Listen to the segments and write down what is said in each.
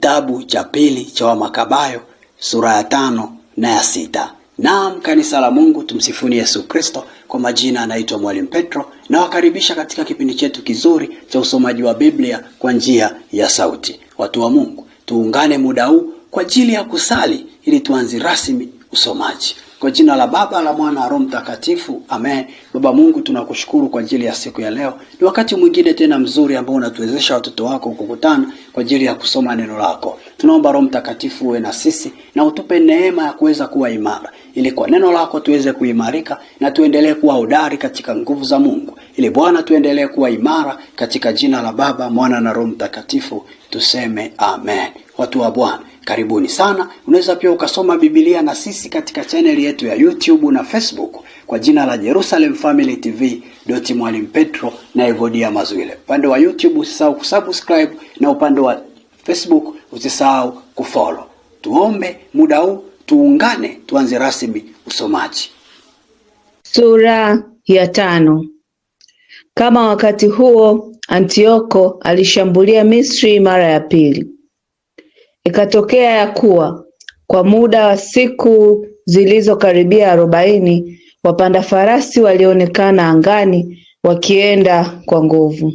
kitabu cha pili cha Wamakabayo sura ya tano na ya sita. Naam, kanisa la Mungu, tumsifuni Yesu Kristo. Kwa majina anaitwa Mwalimu Petro na wakaribisha katika kipindi chetu kizuri cha usomaji wa Biblia kwa njia ya sauti. Watu wa Mungu, tuungane muda huu kwa ajili ya kusali ili tuanze rasmi usomaji. Kwa jina la Baba la Mwana Roho Mtakatifu, amen. Baba Mungu, tunakushukuru kwa ajili ya siku ya leo. Ni wakati mwingine tena mzuri ambao unatuwezesha watoto wako kukutana kwa ajili ya kusoma neno lako. Tunaomba Roho Mtakatifu uwe na sisi na utupe neema ya kuweza kuwa imara, ili kwa neno lako tuweze kuimarika na tuendelee kuwa hodari katika nguvu za Mungu, ili Bwana tuendelee kuwa imara katika jina la Baba, Mwana na Roho Mtakatifu, tuseme amen. Watu wa Bwana Karibuni sana. Unaweza pia ukasoma Biblia na sisi katika chaneli yetu ya YouTube na Facebook kwa jina la Jerusalem Family TV doti Mwalimu Petro na Evodia Mazwile. Upande wa YouTube usisahau kusubscribe na upande wa Facebook usisahau kufollow. Tuombe muda huu, tuungane, tuanze rasmi usomaji. Sura ya tano. Kama wakati huo Antioko alishambulia Misri mara ya pili. Ikatokea ya kuwa kwa muda wa siku zilizokaribia arobaini wapanda farasi walionekana angani wakienda kwa nguvu.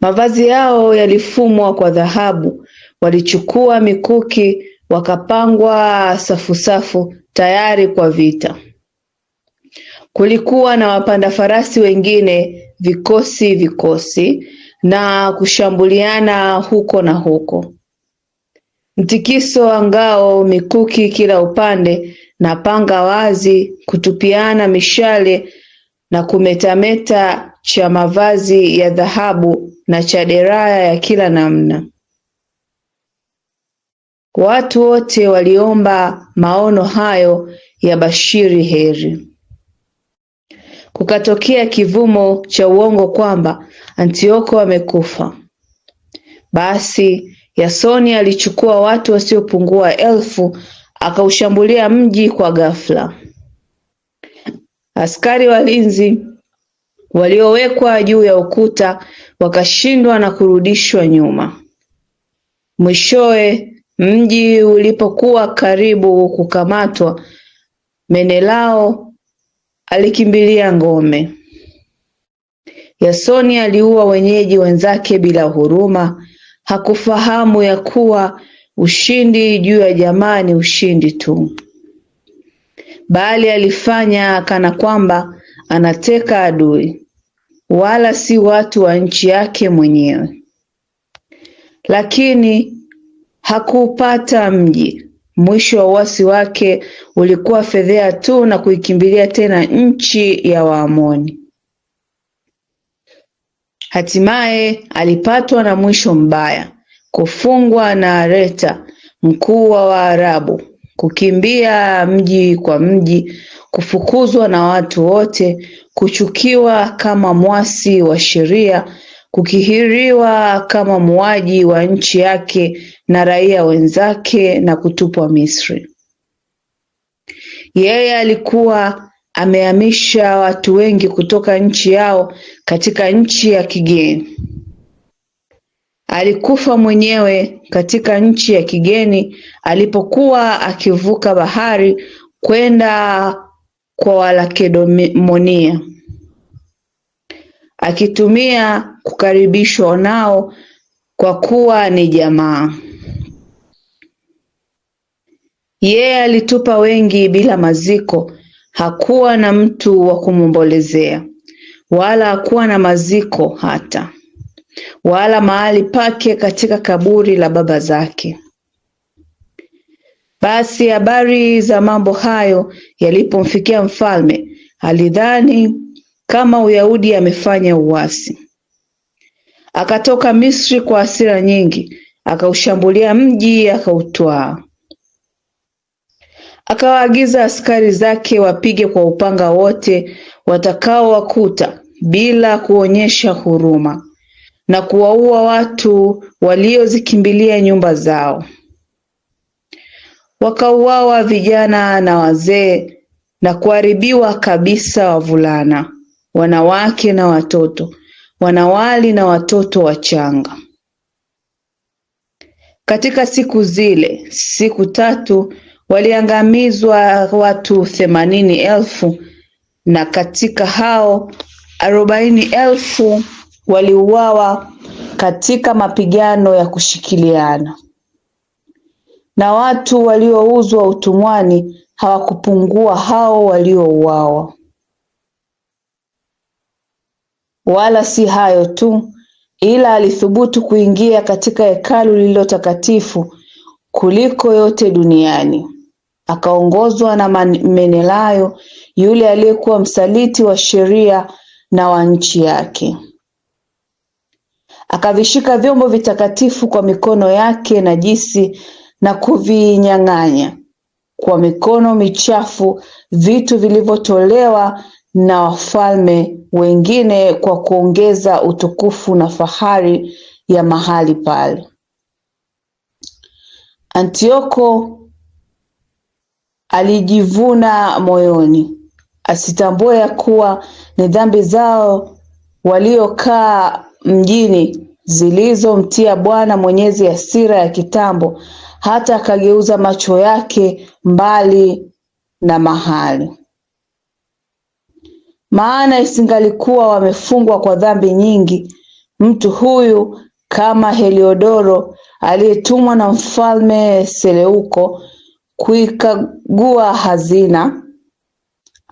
Mavazi yao yalifumwa kwa dhahabu, walichukua mikuki wakapangwa safu safu tayari kwa vita. Kulikuwa na wapanda farasi wengine vikosi vikosi na kushambuliana huko na huko mtikiso wa ngao, mikuki kila upande na panga wazi, kutupiana mishale na kumetameta cha mavazi ya dhahabu na cha deraya ya kila namna. Watu wote waliomba maono hayo ya bashiri heri. Kukatokea kivumo cha uongo kwamba Antioko amekufa. Basi yasoni alichukua watu wasiopungua elfu akaushambulia mji kwa ghafla askari walinzi waliowekwa juu ya ukuta wakashindwa na kurudishwa nyuma Mwishowe mji ulipokuwa karibu kukamatwa Menelao alikimbilia ngome Yasoni aliua wenyeji wenzake bila huruma Hakufahamu ya kuwa ushindi juu ya jamaa ni ushindi tu bali alifanya kana kwamba anateka adui wala si watu wa nchi yake mwenyewe. Lakini hakupata mji. Mwisho wa uasi wake ulikuwa fedhea tu na kuikimbilia tena nchi ya Waamoni. Hatimaye alipatwa na mwisho mbaya kufungwa na Areta mkuu wa Waarabu kukimbia mji kwa mji kufukuzwa na watu wote kuchukiwa kama mwasi wa sheria kukihiriwa kama muaji wa nchi yake na raia wenzake na kutupwa Misri. Yeye alikuwa amehamisha watu wengi kutoka nchi yao katika nchi ya kigeni. Alikufa mwenyewe katika nchi ya kigeni alipokuwa akivuka bahari kwenda kwa Walakedomonia, akitumia kukaribishwa nao kwa kuwa ni jamaa. Yeye alitupa wengi bila maziko Hakuwa na mtu wa kumwombolezea, wala hakuwa na maziko hata, wala mahali pake katika kaburi la baba zake. Basi habari za mambo hayo yalipomfikia mfalme, alidhani kama Uyahudi amefanya uasi. Akatoka Misri kwa hasira nyingi, akaushambulia mji akautwaa. Akawaagiza askari zake wapige kwa upanga wote watakaowakuta bila kuonyesha huruma na kuwaua watu waliozikimbilia nyumba zao. Wakauawa vijana na wazee na kuharibiwa kabisa wavulana, wanawake na watoto, wanawali na watoto wachanga. Katika siku zile siku tatu waliangamizwa watu themanini elfu na katika hao arobaini elfu waliuawa katika mapigano ya kushikiliana na watu waliouzwa utumwani hawakupungua hao waliouawa. Wala si hayo tu, ila alithubutu kuingia katika hekalu lililo takatifu kuliko yote duniani akaongozwa na Menelayo yule aliyekuwa msaliti wa sheria na wa nchi yake. Akavishika vyombo vitakatifu kwa mikono yake najisi na kuvinyang'anya kwa mikono michafu vitu vilivyotolewa na wafalme wengine kwa kuongeza utukufu na fahari ya mahali pale. Antioko alijivuna moyoni, asitambue ya kuwa ni dhambi zao waliokaa mjini zilizomtia Bwana Mwenyezi hasira ya kitambo, hata akageuza macho yake mbali na mahali. Maana isingalikuwa wamefungwa kwa dhambi nyingi, mtu huyu kama Heliodoro aliyetumwa na mfalme Seleuko kuikagua hazina,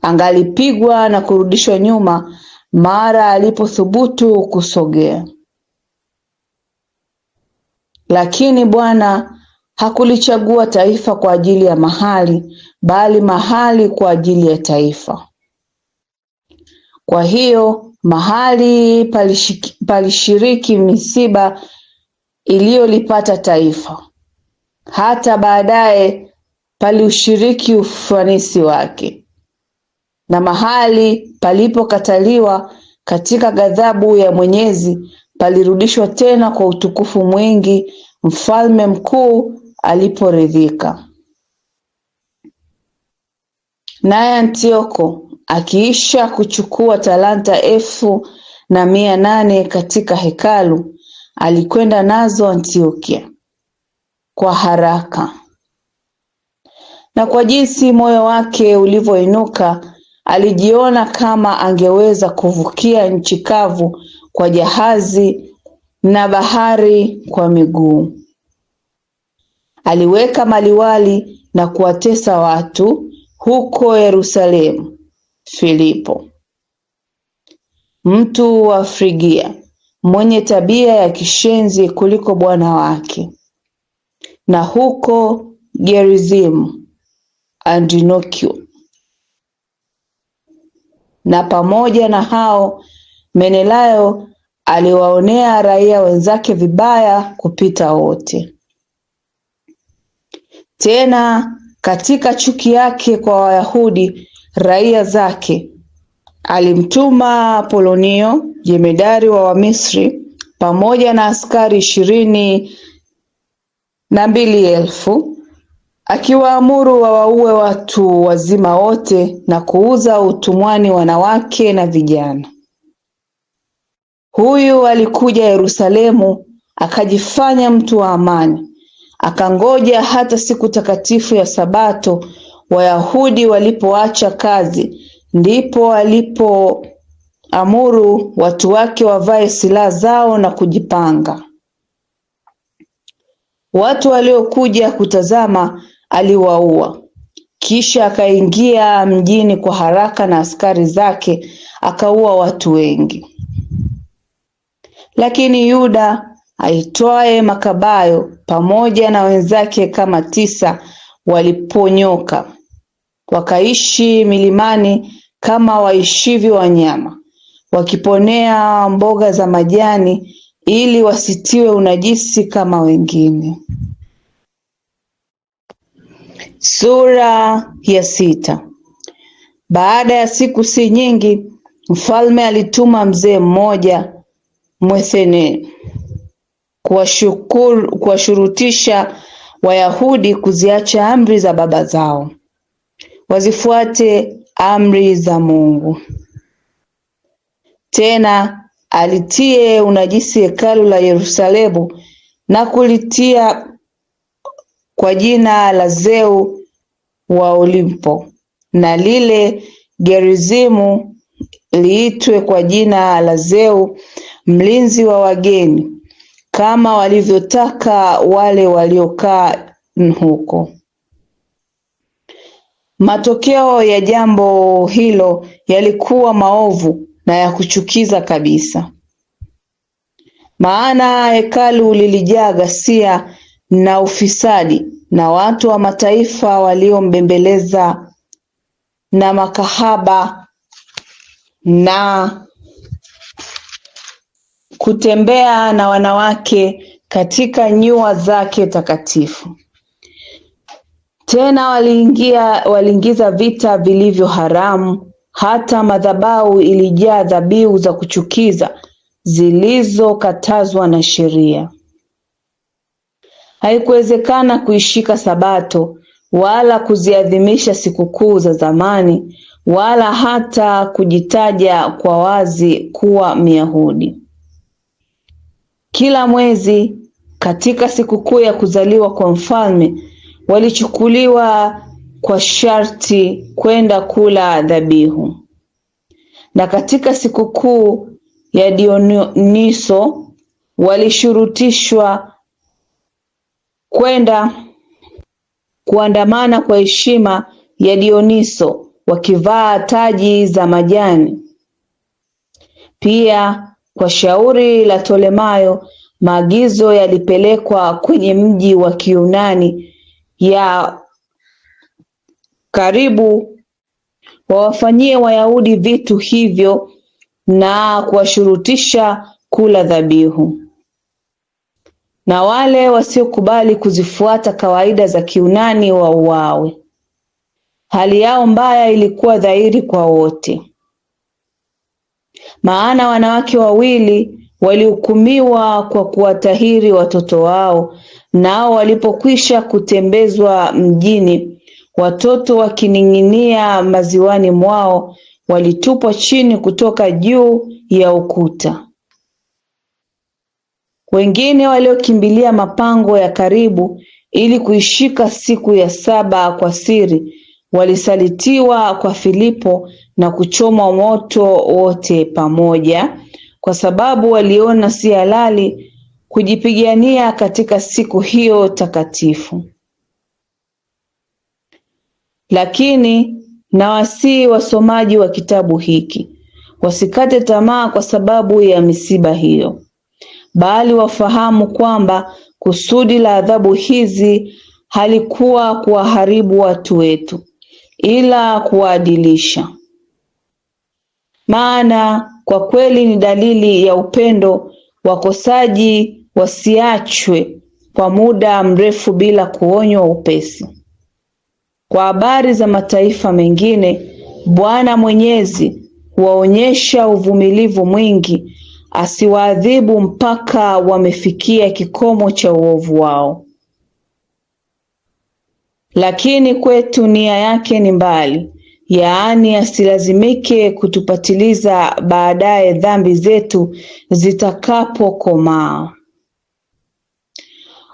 angalipigwa na kurudishwa nyuma mara alipothubutu kusogea. Lakini Bwana hakulichagua taifa kwa ajili ya mahali, bali mahali kwa ajili ya taifa. Kwa hiyo mahali palishiriki misiba iliyolipata taifa. Hata baadaye paliushiriki ufanisi wake na mahali palipokataliwa katika ghadhabu ya Mwenyezi palirudishwa tena kwa utukufu mwingi Mfalme mkuu aliporidhika. Naye Antioko akiisha kuchukua talanta elfu na mia nane katika hekalu, alikwenda nazo Antiokia kwa haraka na kwa jinsi moyo wake ulivyoinuka alijiona kama angeweza kuvukia nchi kavu kwa jahazi na bahari kwa miguu. Aliweka maliwali na kuwatesa watu huko Yerusalemu. Filipo, mtu wa Frigia, mwenye tabia ya kishenzi kuliko bwana wake, na huko Gerizimu Andinokio na pamoja na hao Menelayo aliwaonea raia wenzake vibaya kupita wote. Tena katika chuki yake kwa Wayahudi raia zake alimtuma Polonio jemedari wa Wamisri pamoja na askari ishirini na mbili elfu akiwaamuru wawaue watu wazima wote na kuuza utumwani wanawake na vijana. Huyu alikuja Yerusalemu akajifanya mtu wa amani, akangoja hata siku takatifu ya Sabato Wayahudi walipoacha kazi, ndipo alipoamuru watu wake wavae silaha zao na kujipanga. Watu waliokuja kutazama aliwaua kisha akaingia mjini kwa haraka na askari zake akaua watu wengi. Lakini Yuda aitwaye Makabayo pamoja na wenzake kama tisa waliponyoka wakaishi milimani kama waishivyo wanyama, wakiponea mboga za majani ili wasitiwe unajisi kama wengine. Sura ya sita. Baada ya siku si nyingi, mfalme alituma mzee mmoja Mwethene kuwashukuru kuwashurutisha Wayahudi kuziacha amri za baba zao wazifuate amri za Mungu. Tena alitie unajisi hekalu la Yerusalemu na kulitia kwa jina la Zeu wa Olimpo na lile Gerizimu liitwe kwa jina la Zeu mlinzi wa wageni kama walivyotaka wale waliokaa huko. Matokeo ya jambo hilo yalikuwa maovu na ya kuchukiza kabisa, maana hekalu lilijaa ghasia na ufisadi na watu wa mataifa waliombembeleza na makahaba na kutembea na wanawake katika nyua zake takatifu. Tena waliingia waliingiza vita vilivyo haramu, hata madhabahu ilijaa dhabihu za kuchukiza zilizokatazwa na sheria. Haikuwezekana kuishika Sabato wala kuziadhimisha sikukuu za zamani wala hata kujitaja kwa wazi kuwa Myahudi. Kila mwezi katika sikukuu ya kuzaliwa kwa mfalme walichukuliwa kwa sharti kwenda kula dhabihu, na katika sikukuu ya Dioniso walishurutishwa kwenda kuandamana kwa heshima ya Dioniso wakivaa taji za majani. Pia kwa shauri la tolemayo maagizo yalipelekwa kwenye mji wa Kiunani ya karibu wawafanyie Wayahudi vitu hivyo na kuwashurutisha kula dhabihu na wale wasiokubali kuzifuata kawaida za Kiunani wauawe. Hali yao mbaya ilikuwa dhahiri kwa wote, maana wanawake wawili walihukumiwa kwa kuwatahiri watoto wao, nao walipokwisha kutembezwa mjini, watoto wakining'inia maziwani mwao, walitupwa chini kutoka juu ya ukuta. Wengine waliokimbilia mapango ya karibu ili kuishika siku ya saba kwa siri walisalitiwa kwa Filipo na kuchomwa moto wote pamoja kwa sababu waliona si halali kujipigania katika siku hiyo takatifu. Lakini nawasihi wasomaji wa kitabu hiki wasikate tamaa kwa sababu ya misiba hiyo bali wafahamu kwamba kusudi la adhabu hizi halikuwa kuwaharibu watu wetu, ila kuwaadilisha. Maana kwa kweli ni dalili ya upendo wakosaji wasiachwe kwa muda mrefu bila kuonywa upesi. Kwa habari za mataifa mengine, Bwana Mwenyezi huwaonyesha uvumilivu mwingi asiwaadhibu mpaka wamefikia kikomo cha uovu wao. Lakini kwetu nia yake ni mbali, yaani asilazimike kutupatiliza baadaye dhambi zetu zitakapokomaa.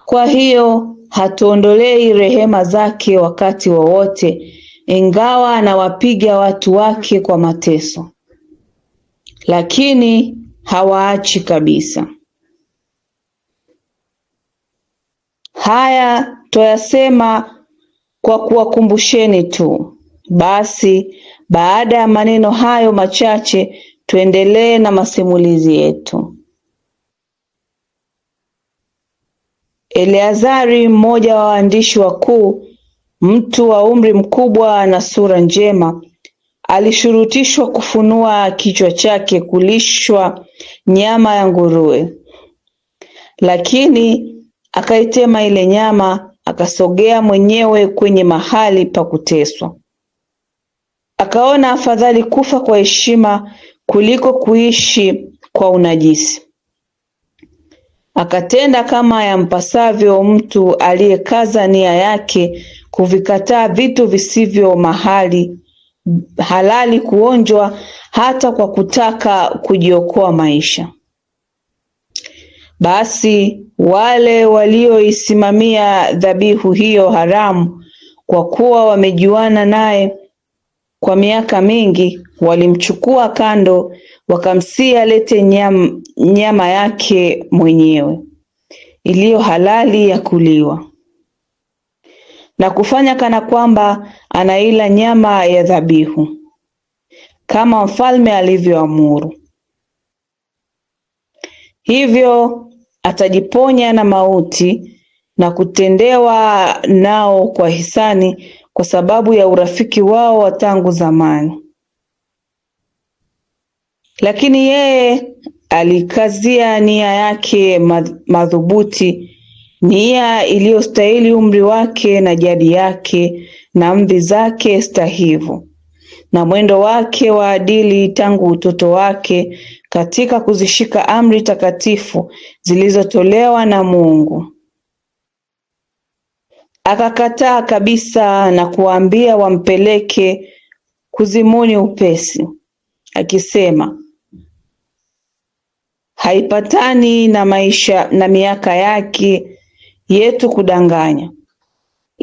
Kwa hiyo hatuondolei rehema zake wakati wowote, ingawa anawapiga watu wake kwa mateso, lakini hawaachi kabisa. Haya twayasema kwa kuwakumbusheni tu. Basi baada ya maneno hayo machache, tuendelee na masimulizi yetu. Eleazari, mmoja wa waandishi wakuu, mtu wa umri mkubwa na sura njema, alishurutishwa kufunua kichwa chake kulishwa nyama ya nguruwe, lakini akaitema ile nyama akasogea mwenyewe kwenye mahali pa kuteswa. Akaona afadhali kufa kwa heshima kuliko kuishi kwa unajisi. Akatenda kama yampasavyo mtu aliyekaza nia yake kuvikataa vitu visivyo mahali halali kuonjwa hata kwa kutaka kujiokoa maisha. Basi wale walioisimamia dhabihu hiyo haramu, kwa kuwa wamejuana naye kwa miaka mingi, walimchukua kando, wakamsihi alete nyam, nyama yake mwenyewe iliyo halali ya kuliwa na kufanya kana kwamba anaila nyama ya dhabihu kama mfalme alivyoamuru. Hivyo atajiponya na mauti na kutendewa nao kwa hisani kwa sababu ya urafiki wao wa tangu zamani. Lakini yeye alikazia nia yake madhubuti nia iliyostahili umri wake na jadi yake na mvi zake stahivu na mwendo wake wa adili tangu utoto wake katika kuzishika amri takatifu zilizotolewa na Mungu. Akakataa kabisa na kuwaambia wampeleke kuzimuni upesi, akisema haipatani na maisha na miaka yake yetu kudanganya,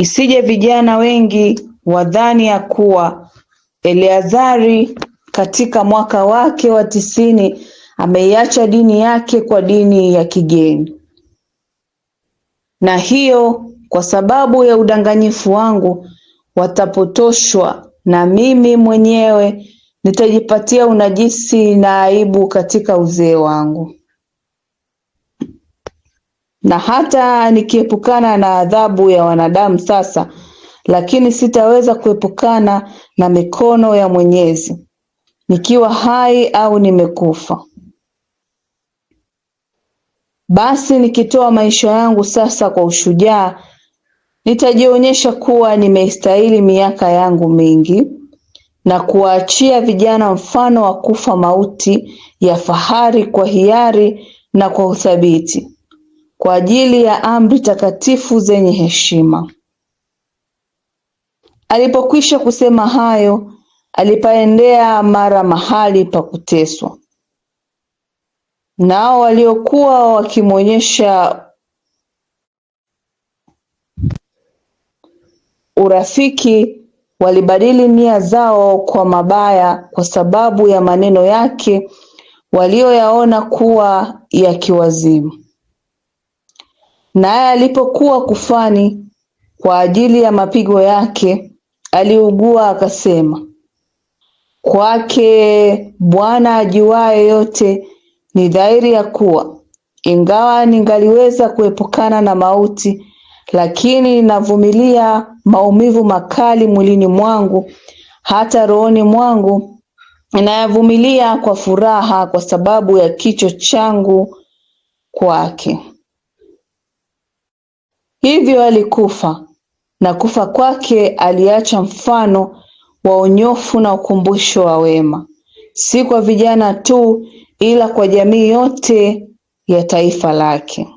isije vijana wengi wadhani ya kuwa Eleazari katika mwaka wake wa tisini ameiacha dini yake kwa dini ya kigeni, na hiyo kwa sababu ya udanganyifu wangu watapotoshwa, na mimi mwenyewe nitajipatia unajisi na aibu katika uzee wangu na hata nikiepukana na adhabu ya wanadamu sasa, lakini sitaweza kuepukana na mikono ya Mwenyezi, nikiwa hai au nimekufa. Basi nikitoa maisha yangu sasa kwa ushujaa, nitajionyesha kuwa nimeistahili miaka yangu mingi na kuwaachia vijana mfano wa kufa mauti ya fahari kwa hiari na kwa uthabiti kwa ajili ya amri takatifu zenye heshima. Alipokwisha kusema hayo, alipaendea mara mahali pa kuteswa. Nao waliokuwa wakimwonyesha urafiki walibadili nia zao kwa mabaya kwa sababu ya maneno yake walioyaona kuwa ya kiwazimu. Naye alipokuwa kufani kwa ajili ya mapigo yake, aliugua akasema, kwake Bwana ajuaye yote ni dhahiri ya kuwa ingawa ningaliweza kuepukana na mauti, lakini ninavumilia maumivu makali mwilini mwangu, hata rohoni mwangu ninayavumilia kwa furaha, kwa sababu ya kicho changu kwake. Hivyo alikufa, na kufa kwake aliacha mfano wa unyofu na ukumbusho wa wema, si kwa vijana tu ila kwa jamii yote ya taifa lake.